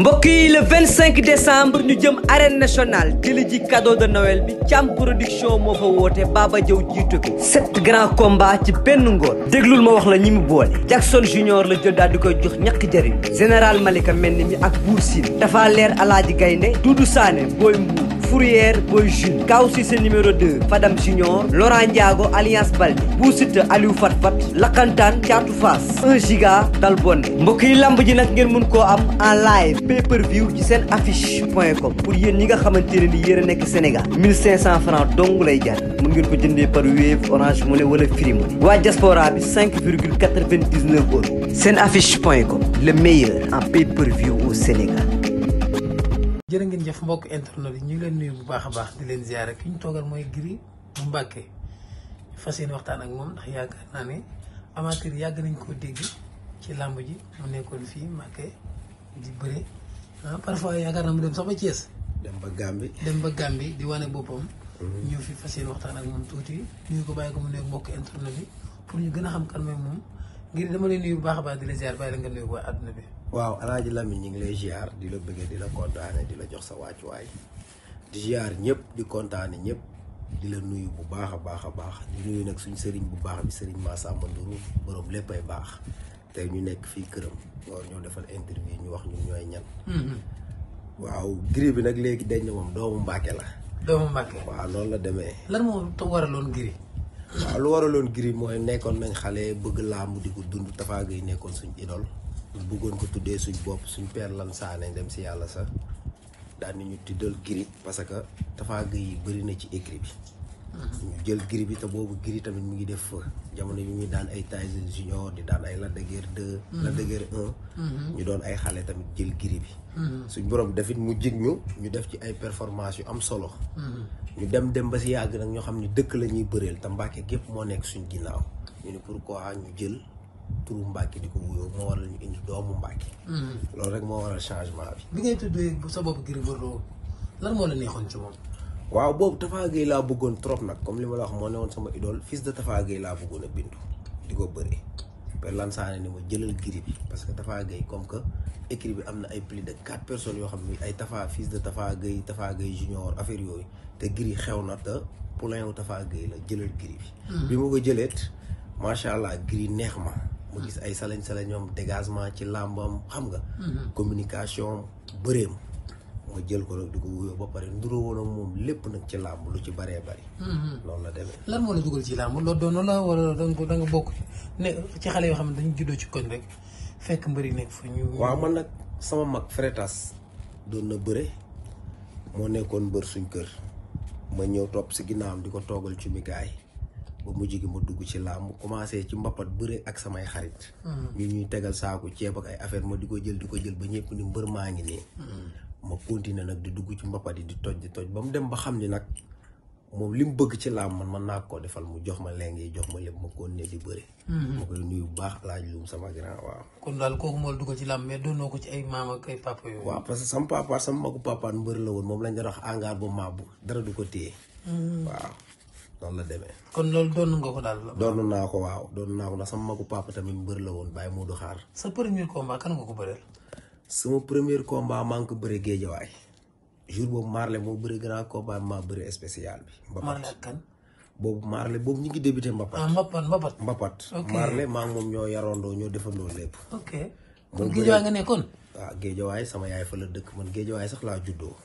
mbokk yi le 25 décembre ñu jëm arène nationale jëli ji de Noël bi càmm production moo fa woote Baba Jaw jiitu ko sept grands combats ci benn ngoon déglul ma wax la ñi mu boole Jackson Junior la jël daal di koy jox ñàkk jëriñ général Malika mel ni mi ak Buur Siin dafa leer Alaaji Gaynde Dudu Saane booy mbuur Fourière Boy Jules Kaw Cissé numéro 2 Fadam Junior Laurent Ndiago Alliance Balde Boussite Aliou Fatfat Lakantaan Caatu Faas 1 giga dal bonde mbokk yi lamb ji nag ngeen mun koo am en live pay-per-view ci seen affiche point com pour yéen ñi nga xamante ne ni yéen a nekk Sénégal 1500 francs dong lay jar mun ngeen ko jëndee par Wave Orange Money wala Free Money waa diaspora bi seen affiche point com le meilleur en pay-per-view au Sénégal. jërë ngeen jëf mbokk internet yi ñu ngi leen nuyu bu baax a baax di leen ziare ki ñu toogal mooy Gris mu Mbacké fas yéene waxtaan ak moom ndax yaakaar naa ne amateur yàgg nañ koo dégg ci làmb ji mu nekkoon fii Mbacké di ah parfois yaakaar naa mu dem sax ba Thiès. dem ba Gambie dem ba Gambie di wane boppam. Mhm. ñëw fi fas yéene waxtaan ak moom tuuti nuyu ko bàyyi ko mu nekk mbokk internet bi pour ñu gën a xam kan moom ngir dama lay nuyu bu baax baax di la ziar bàyyi la nga nuyu waa àdduna bi. waaw El Hadj Lamine ñu ngi lay ziar di la bëggee di la kontaane di la jox sa wàccuwaay di ziar ñëpp di kontaane ñëpp di la nuyu bu baax a baax a baax di nuyu nag suñu sëriñ bu baax bi sëriñ Massamba Ndour borom léppay baax. tey ñu nekk fii këram nga war ñoo defal interview ñu wax ñun ñooy ñan. Mm-hmm. waaw giri bi nag léegi dañ ne moom doomu mbaake la. waaw loolu la demee. lan moo waraloon giri. waaw lu waraloon giri mooy nekkoon nañ xale bëgg mu di ko dund Tapha Gueye nekkoon suñ idool ñu bëggoon ko tuddee suñ bopp suñ père lan saane dem si yàlla sax daan nañu tuddal giri parce que Tapha Gueye yi bëri na ci écrit bi. ñu jël giri bi te boobu giri tamit mu ngi def fa jamono bi muy daan ay Tyson junior di daan ay Lac de Guiers 2 mhm. Lac mhm. ñu doon ay xale tamit jël giri bi mhm. suñ borom dafit mu jig ñu ñu def ci ay performance yu am solo ñu dem dem ba si yàgg nag ñoo xam ni dëkk la ñuy bëreel te Mbàkke gépp moo nekk suñ ginnaaw ñu ne pourquoi ñu jël turu Mbàkke di ko wuyoo moo waral ñu indi doomu Mbàkke loolu rek moo waral changement bi bi ngay tuddee sa bopp Gris Bordeaux lan waaw boobu Tafa Gueye laa bëggoon trop nag comme li ma la wax moo ne woon sama idole fils de Tafa Gueye laa bëggoon a bindu di ko bëri per lansaane ni ma jëlal giri bi parce que Tafa Gueye comme que écrit bi am na ay plus de quatre personnes yoo xam ne ay Tafa fils de Tafa Gueye Tafa Gueye junior affaire yooyu te giri xew na te poulain wu Tafa Gueye la jëlal giri bi hmm. bi ma ko jëleet macha allah giri neex ma mu gis ay salañ salañoom dégagement ci làmbam xam nga hmm. communication bëreem ma jël ko nag di ko wuyoo ba pare nduroo woon ak moom lépp nag ci làmb lu ci baree bari. loolu mm-hmm. la demee. lan moo la dugal ci làmb loolu doon la wala da nga yoo xam ne dañu juddoo ci koñ rek fekk mbëri nekk fa ñu. waaw man nag sama mag Frétas doon na bëre moo nekkoon mbër suñ kër ma ñëw topp si ginnaawam di ko toogal ci migaay ba mujj gi ma dugg ci làmb commencé ci mbappat bëre ak samay xarit. Mm-hmm. ñu ñuy tegal saako ceeb ak ay affaire ma di ko jël di ko jël ba ñëpp ni mbër maa ngi nii. Mm-hmm. ma continuer nag di dugg ci mbappat yi di toj di toj ba mu dem ba xam ni nag moom li mu bëgg ci laam man man naa ko defal mu jox ma leng yi jox ma lépp ma continuer di mm-hmm. bu baax laaj lum sama grand waaw. kon daal kooku moo dugg ci laam ko ci ay maam ak ay papa yooyu. waaw parce que la woon moom lañ doon wax angaar bu maabu ko téye. Mm-hmm. waaw noonu la demee. kon loolu doon nga ko daal. doon naa ko waaw sama magu papa tamit mbër la woon bàyyi mu du xaar. sa premier combat kan nga ko bëreel. sama première combat maa ngi ko bëri géejawaay jour boobu Marley moo bëri grand combat maa bëri spécial bi. Marley kan. boobu Marley boobu ñu ngi débuté Mbapat. ah Mbapat Mbapat. Mbapat Marley maa ñoo yarandoo ñoo defandoo lépp. ok kon géejawaay nga nekkoon. waaw ah, géejawaay sama yaay fa la dëkk man géejawaay sax laa juddoo.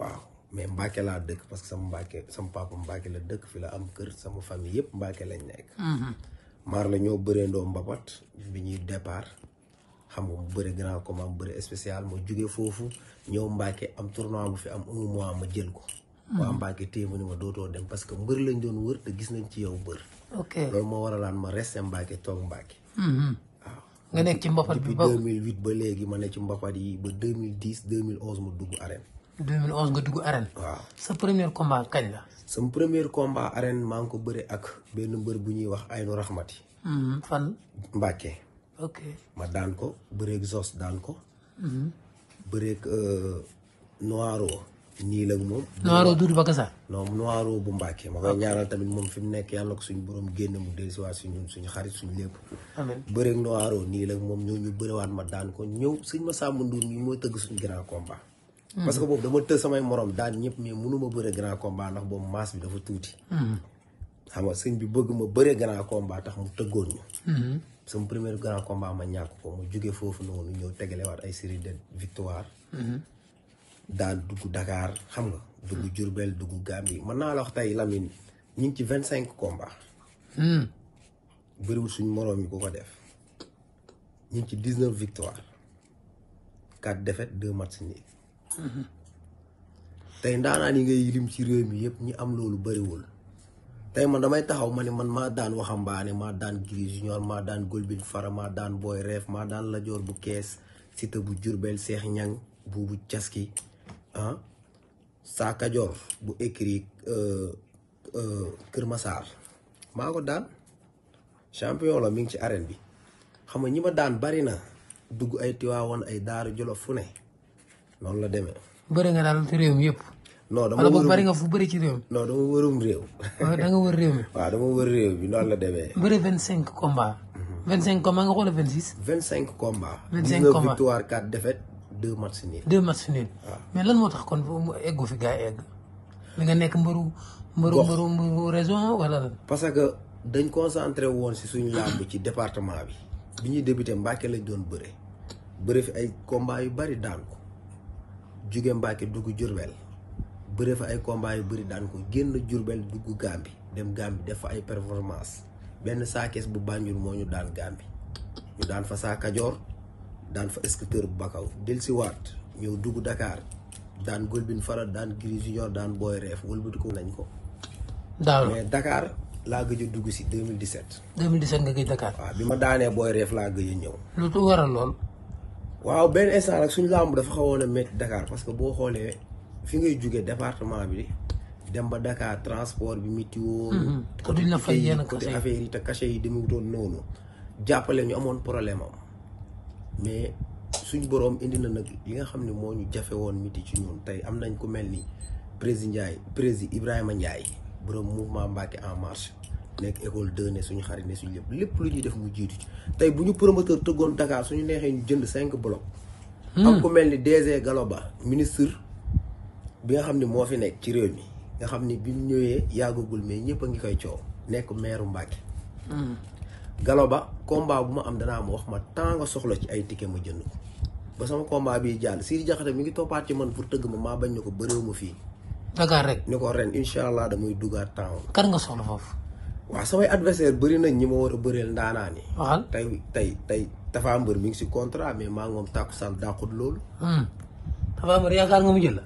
waaw mais Mbacke laa dëkk parce que sama Mbacke sama papa Mbacke la dëkk fi la am kër sama famille yëpp mbake lañ nekk. Mhm. Marley ñoo bëreendoo Mbapat bi ñuy départ. xam nga mu bëri grand combat mu bëri spécial ma jugee foofu ñëw Mbacke am tournoi mu fi am un mois ma jël ko. waa Mbacke téye ma ni dootoo dem parce que mbër lañ doon wër te gis nañ ci yow mbër. ok loolu moo waralaan ma resté Mbacke toog mm-hmm. nekk ci ba léegi ma ne ci mbapat yi ba 2010 2011 ma dugg arène. 2011 nga dugg arène. waaw sa premier combat kañ maa ngi ko bëri ak benn mbër bu ñuy wax Aynu Rahmati. Mm-hmm. fan. Mbacke. ok ma daan ko bëreeg Zos daan ko. Mhm. bëreeg euh, Noiro. nii la moom. Noiro Doudou Bakassar. non Noiro bu Mbacke ma koy ñaanal tamit moom fi mu nekk yàlla ko suñu borom génn mu dellusiwaat si ñun suñu xarit suñu nii la moom ñëw ñu bëriwaat ma daan ko ñëw sëñ ma Samba Ndour mii mooy tëgg suñu grand combat. Mhm. parce que boobu dama tëj samay moroom daan ñëpp mais mënuma bëre grand combat ndax boobu masse bi dafa tuuti. Mhm. xam nga sëñ bi bëgg ma bëre grand combat tax mu tëggoon ñu. sama premier grand combat ma ñàkk ko mu jóge foofu noonu ñëw tegalewaat ay série de victoire mm-hmm. daal dugg Dakar xam nga dugg Diourbel dugg Gambie mën naa la wax tey Lamine ñu ngi ci vingt cinq combat mm. bëriwul suñ moroom yi ku ko def ñu ngi ci dix neuf victoire quatre défaites deux matchs nii mm-hmm. tey ndaanaan yi ngay lim ci réew mi yëpp ñi am loolu bariwul tey ma damay taxaw ma ne man maa daan waxambaane maa daan Gris Junior ma daan Golbin Fara maa daan booy Reef maa daan joor bu kees Siteu bu Jurbel Seex Ñang buubu caski ah saa Kajoor bu écrit euh, euh, Kër Masaar maa ko daan champion la mi ngi ci arène bi xam nga ñi ma daan bari na dugg ay Tiwaawan ay Daaru Jolof fu ne noonu la demee. bëri nga daal réew mi yëpp. non dama wër bari nga fu bëri ci réew mi. non dama wërum réew. da nga wër réew mi. waaw dama wër réew bi noonu la demee. bëri vingt cinq combats. Mhm. vingt cinq combats nga xoolal vingt six. vingt cinq combats. vingt cinq combats victoire quatre défaites deux matchs nuls. deux matchs moo tax kon mu eggu fi nga nekk mbëru. mbëru mbëru mbëru raison wala parce que dañ concentré woon si suñu làmb ci département bi. bi ñuy débuté Mbacke lañ doon bëre. bëre fi ay combats yu bari daan ko. jóge Mbacke dugg Diourbel. bëree fa ay combat yu bëri daan ko génn Jurbel dugg Gàmbi dem Gàmbi def fa ay performance benn saakees bu Banjul moo ñu daan Gàmbi ñu daan fa saa Kajoor daan fa Escouteur bu Bakaw dellusiwaat ñëw dugg Dakar daan Golbin Fara daan Gris Junior daan Boy Reef wëlbatiku nañ ko. daaw a dugg si 2017. 2017 nga gëj Dakar. waaw bi ma daanee Boy Reef laa gëj a ñëw. lu tu waral lool. waaw benn instant rek suñu làmb dafa xawoon a métti Dakar parce boo xoolee. fi ngay jóge département bi dem ba Dakar transport bi météo. Mhm. côté fa fay yenn côté affaire yi te cachet yi demutoon noonu. jàppale ñu amoon problème mais suñu boroom indi na nag li nga xam ne moo ñu jafe woon miti ci ñun tey am nañ ko mel ni président Ndiaye président Ibrahima Ndiaye borom mouvement Mbacké en marche nekk école 2 ne suñu xarit ne suñu lépp lépp lu ñuy def mu jiitu ci tey bu ñu promoteur tëggoon Dakar suñu neexee ñu jënd cinq blocs. Hmm. am ku mel ni DG Galoba ministre. bi nga xam ne moo fi nekk ci réew mi nga xam ni bi mu ñëwee yàggagul mais ñëpp a ngi koy coow nekk meeru Mbàkke hmm. Galo Ba combat bu ma am danaa ma wax ma temps nga soxla ci ay ticket ma jënd ko ba sama combat bi jàll Sidi Diakhaté mi ngi toppaat ci man pour tëgg ma maa bañ ne ko bëréew fii Dakar rek ko ren incha allah damay dugaat temps kan nga soxla foofu waaw samay adversaire bëri nag ñi ma war a bëreel ndaanaan yi tey tey tey Tapha mbër mi ngi si contrat mais maa ngi moom tàkku sal dàqut loolu hmm. Tapha Mbeur yaakaar nga mu jël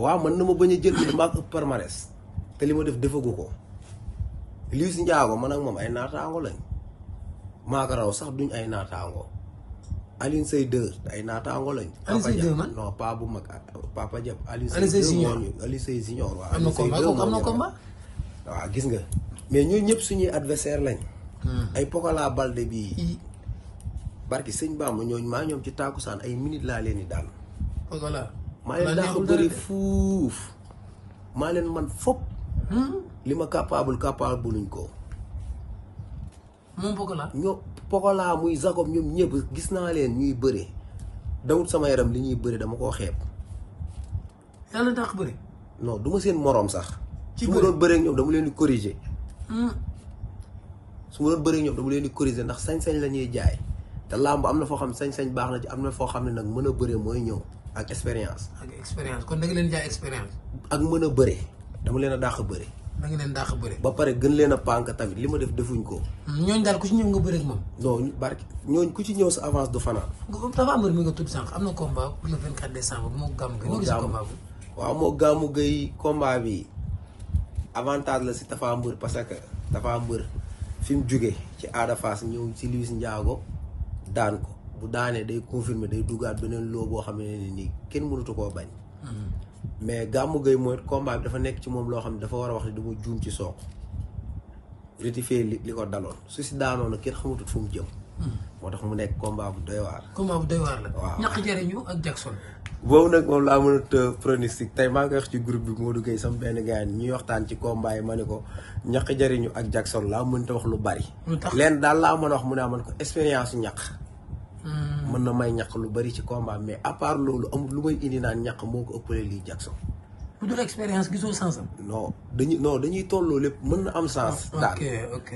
waaw mën na ma bañ a jël damaa ëpp palmarès te li ma def defagu ko Liss Ndiago man ak moom ay naataango lañ maa ko raw sax duñ ay naataango Alioune Seye 2 ay naataango lañ. Alioune Seye 2 man paa bu mag Papa na combat am gis nga mais ñooñu ñëpp suñuy adversaire lañ. Hmm. ay Pokola Balde bii. barki sëñ Bamba ñooñu maa ñoom ci taakusaan ay minutes laa leen di daal. maa leen daa a bëri fuuf maa leen man fop hmm? li ma capable capable luñ ko moom Pokola ñoo Pokola muy Jacob ñoom ñëpp gis naa leen ñuy bëre dawut sama yaram li ñuy bëre dama koo xeeb yàlla daax bëri non du seen moroom sax su ma doon bëree ñoom dama leen di corriger hmm? su ma doon bëree ñoom dama leen di corriger ndax sañ-sañ la ñuy jaay te làmb am na foo xam sañ-sañ baax na ci am na foo xam ne nag mën a bëree mooy ñëw ak expérience. ak expérience kon da leen jaay expérience. ak mën a bëre dama leen a dàq bëre. da nga leen dàq bëre. ba pare gën leen a pànk tamit li ma def defuñ ko. Hmm, ñooñ daal ku ci ñëw nga bëre ak moom. non barke ñooñ ku ci ñëw sa avance du fanaan. dafa am mi nga tudd sànq am na combat le 24 décembre moo gàmmu gay. moo gàmmu waaw moo gàmmu gay combat bi avantage la si dafa Mbeur parce que Tapha Mbeur fi mu jugee ci Ada Fass ñëw si Luis Ndiago daan ko. bu daanee day confirmer day duggaat beneen loo boo xam ne nii kenn mënatu koo bañ. Mm-hmm. mais Gamou Gueye mooy combat bi dafa nekk ci moom loo xam ne dafa war a wax ne dama juum ci soog. li li ko daloon su si daanoon kenn xamatut fu mu jëm. Mm-hmm. moo tax mu nekk combat bu doy waar. combat bu doy waar la. waaw ñàkk jëriñu ak Jackson. boobu nag moom laa mën a wax ci groupe bi Modou Gueye sama benn gars ñuy waxtaan ci combat yi ma ne ko ñàkk jëriñu ak Jackson laa mënta wax lu bari. lenn daal laa mën a mu ne ah, man ko expérience ñàkk. Ah. mën na may ñàkk lu bari ci combat mais à part loolu amul lu may indi naan ñàkk moo ko ëppalee lii Jackson. ku dul expérience gisoo sens am. non dañuy dañuy tolloo lépp mën na am sens. Ah, daal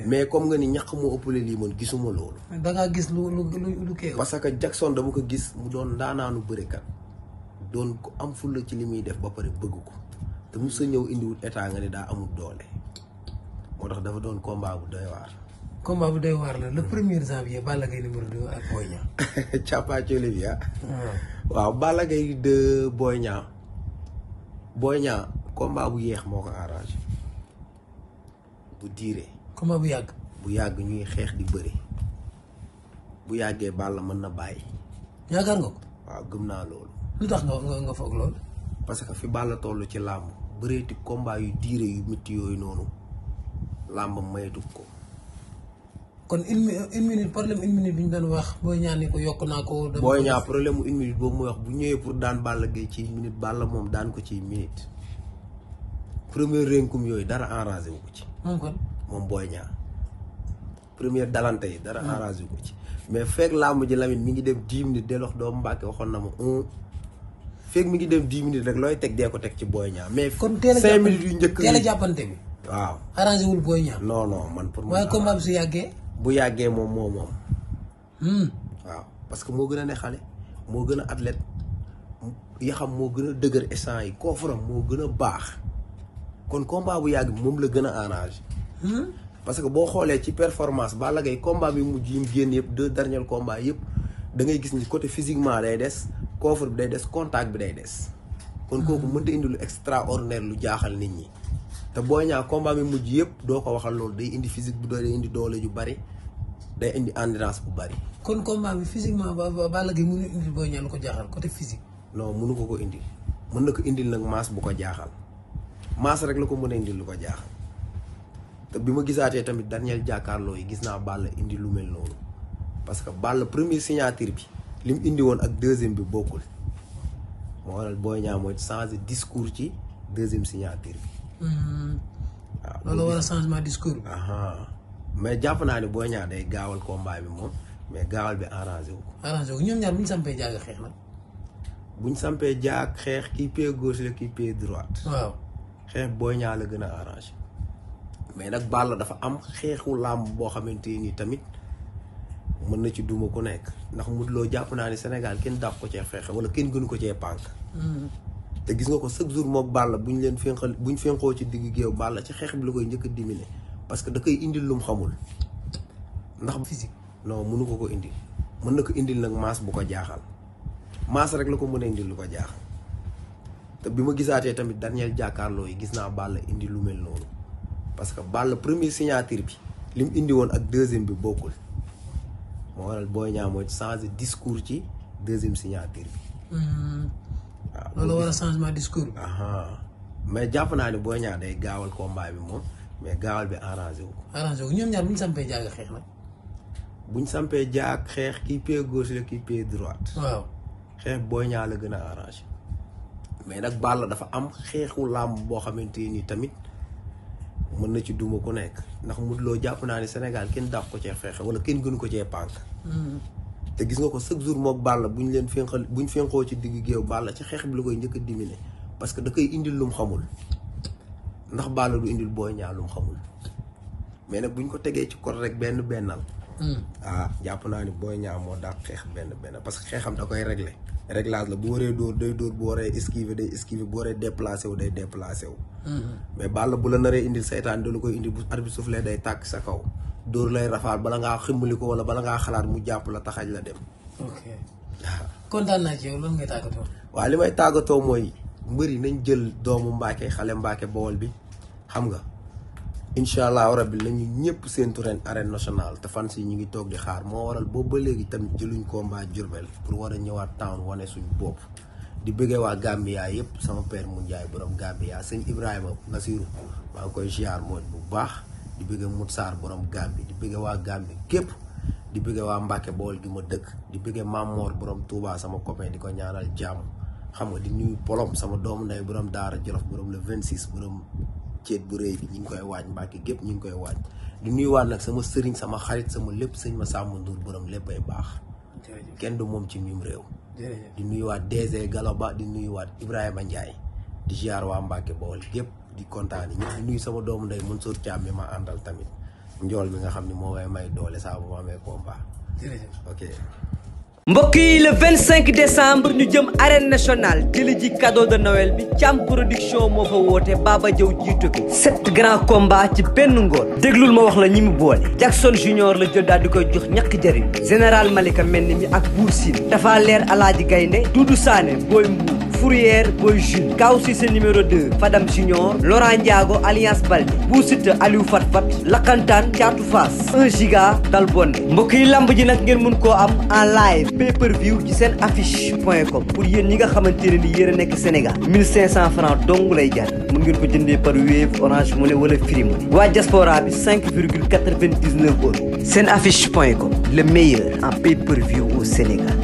mais comme nga ni ñàkk moo ëppale lii man gisuma loolu. da ngaa gis lu lu lu kee parce que Jackson dama ko gis mu doon ndaanaanu kat doon ko am fulla ci li muy def ba pare bëgg ko te mu sa ñëw indiwul état nga ne daa amul doole moo tax dafa doon combat bu doy combat bu doy waar la le premier janvier Balla Gaye numéro 2 ak Boy Niang. cappaacoli bi ah. ah. waaw Balla Gaye 2 Boy Niang. Boy bu yeex moo ko arrangé bu diire. combat bu yàgg. bu yàgg ñuy xeex di bëri bu yàggee Balla mën na bàyyi. yaakaar nga ko. waaw gëm naa loolu. lu tax nga nga foog loolu. parce que fi Balla toll ci làmb bëreeti combat yu diire yu métti yooyu noonu làmb maytu ko. kon une une minute problème une minute bi ñu doon wax booy ñaan ko yokk naa ko. booy ñaa problème mu une minute boobu muy wax bu ñëwee pour daan Balla Gaye ci minute Balla moom daan ko ci minute. premier rénkum yooyu dara arrangé wu ci. kon moom booy ñaa premier dalante yi dara hmm. arrangé wu ci. mais fekk làmb ji Lamine mi ngi dem dix minutes doomu Mbàkke waxoon na ma un. mi ngi dem dix minutes rek looy teg dee ko teg ci booy ñaa mais. kon teel a yu njëkk. teel jàppante bi waaw. arrangé wul man pour. waaye combat bi su yàggee. bu yàggee moom moo moom. Hmm. waaw parce que moo gën a ne xale moo gën a athlète yaxam moo gën a dëgër instant yi koofuram moo gën a baax kon combat bu yàgg moom la gën a arrangé. Hmm. parce que boo xoolee ci performance Balla Gaye combat bi mujj yi mu génn yëpp deux derniers combats yëpp dangay ngay gis ni côté physiquement day des coffre bi day des contact bi day des. kon kooku hmm. mënta indi lu extraordinaire lu jaaxal nit ñi. te Boy Niang combat bi mujj yëpp doo ko waxal loolu day indi physique bu doy day indi doole ju bari day indi endurance bu bari. kon combat bi physiquement ba Balla Gaye mënu indi lu ko jaaxal côté physique. non mënu ko ko indi mën na ko indil nag masse bu ko jaaxal masse rek la ko mën a indil lu ko jaaxal te bi ma gisaatee tamit dernier jàkkaarloo yi gis naa ball indi lu mel noonu parce que Balla premier signature bi li mu indi woon ak deuxième bi bokkul mo waral Boy Niang mooy changer discours ci deuxième signature bi. Mm-hmm. loolu war a changement discours bi. mais jàpp naa ne boo ñaar day gaawal combat bi moom mais gaawal bi arrangé wu ko. arrangé wu ñoom ñaar bu ñu sampee jaag xeex nag. bu ñu sampee xeex kii pied gauche la kii pied droite. waaw xeex boo ñaar la gën a arrangé. mais nag Balla dafa am xeexu làmb boo xamante nii tamit mën na ci duma ku nekk ndax Modou Lo jàpp naa ne Sénégal kenn dàq ko cee xeex wala kenn gënu ko cee pànk. Mm-hmm. te gis nga ko chaque jour mook Balla bu ñu leen fénqal bu ñu fénqoo ci digg géew Balla ci xeex bi la koy njëkk a parce que da koy indil lum xamul ndax physique non mënu ko ko indil mën na ko indil nag maas bu ko jaaxal maas rek la ko mën a indil lu ko jaaxal te bi ma gisaatee tamit dernier jàkkaarloo yi gis naa Balla indi lu mel noonu parce que Balla premier signature bi li mu indi woon ak deuxième bi bokkul moo waral Boy Niang mooy changé discours ci deuxième signature bi mm-hmm. loolu war a changement discours. mais jàpp naa ne boo ñaar day gaawal combat bi moom mais gaawal bi arrangé wu. arrangé wu ñoom ñaar bu ñu sampee jaag xeex nag. buñ ñu sampee jaag xeex kii pied gauche la kii pied droite. waaw xeex booy ñaar la gën a arrangé. mais nag Balla dafa am xeexu làmb boo xamante nii tamit mën na ci duma ku nekk ndax Modou Lo jàpp naa ne Sénégal kenn dàq ko cee xeex wala kenn gënu ko cee pànk. Mm-hmm. te gis nga ko chaque jour mook Balla bu ñu leen fénqal bu ñu fénqoo ci digg géew Balla ci xeex bi lu koy njëkk a diminé parce que da koy indi lum xamul ndax Balla du indil booy Niang lum xamul mais nag bu ko tegee ci kor rek benn bennal. Hmm. ah jàpp naa ni Boy Niang moo dàq xeex benn benn parce que xeexam da koy réglé. réglage la bu waree dóor day dóor bu waree esquiver day esquiver bu waree déplacé wu day déplacé wu. Hmm. mais Balla bu la naree indil seytaan da koy indi bu arbitre soufflé day tàkk sa kaw. dóor lay rafaal bala ngaa ximmali ko wala bala ngaa xalaat mu jàpp la taxañ la dem. ok kontaan li may tàggatoo mooy mbëri nañ jël doomu mbaake xale mbaake Bawol bi xam nga incha allahu rabi nañu ñëpp séntu ren arène national te fans yi ñu ngi toog di xaar moo waral boobu ba léegi tamit jëluñ koo mbaa Diourbel pour war a ñëwaat town wane suñu bopp. di bëggee waa Gambia yëpp sama père mu Ndiaye borom Gambia sëñ Ibrahima Nasiru maa ngi koy ziar mooy baax. di bëgg Mout Sarr borom Gambie di bëgg waa Gambie képp di bëgg waa Mbacke bool gi ma dëkk di bëgg Mamor borom Touba sama copain di ko ñaanal jàmm xam nga di nuyu Polom sama doomu ndey borom Daara Jolof borom le 26 borom ceet bu rëy bi ñu ngi koy waaj Mbacke gépp ñu ngi koy waaj di nuy nuyuwaat nag sama sëriñ sama xarit sama lépp sëñ ma sàmm Ndour borom léppay baax. kenn du moom ci mim réew. di nuyuwaat DG Galaba di nuyuwaat Ibrahima Ndiaye di ziar waa Mbacke bool gépp di kontaan ñëpp di nuyu sama doomu ndey Mansour Thiam mi ma àndal tamit njool mi nga xam ne moo way may doole saa bu ma amee combat. jërëjëf ok. ñu jëm arène nationale jëli ji cadeau de Noël bi Thiam production moo fa woote Baba Diaw jiitu ko sept grands combats ci benn ngoon déglul ma wax la ñi mu boole Jackson Junior la jël daal di koy jox ñakk jëriñ général Malika mel ni mi ak Bour Sine dafa leer Alaaji Gaynde Dudu Saane Mbuur Fourrière Boy Jules Kaw Cissé numéro 2 Fadam Junior Laurent Ndiago Alliance Baldé Bou Siteu Aliou Fat Fat Lakantaan Caatu Faas 1 giga dal bonne mbokk yi lamb ji nag ngeen mun koo am en live pay per view ci seen affiche point com pour yéen ñi nga xamante ne ni yéen a nekk Sénégal 1500 francs dong lay jar mun ngeen ko jëndee par Wave Orange Money wala Free Money waa diaspora bi seen affiche point com le meilleur en pay per view au Sénégal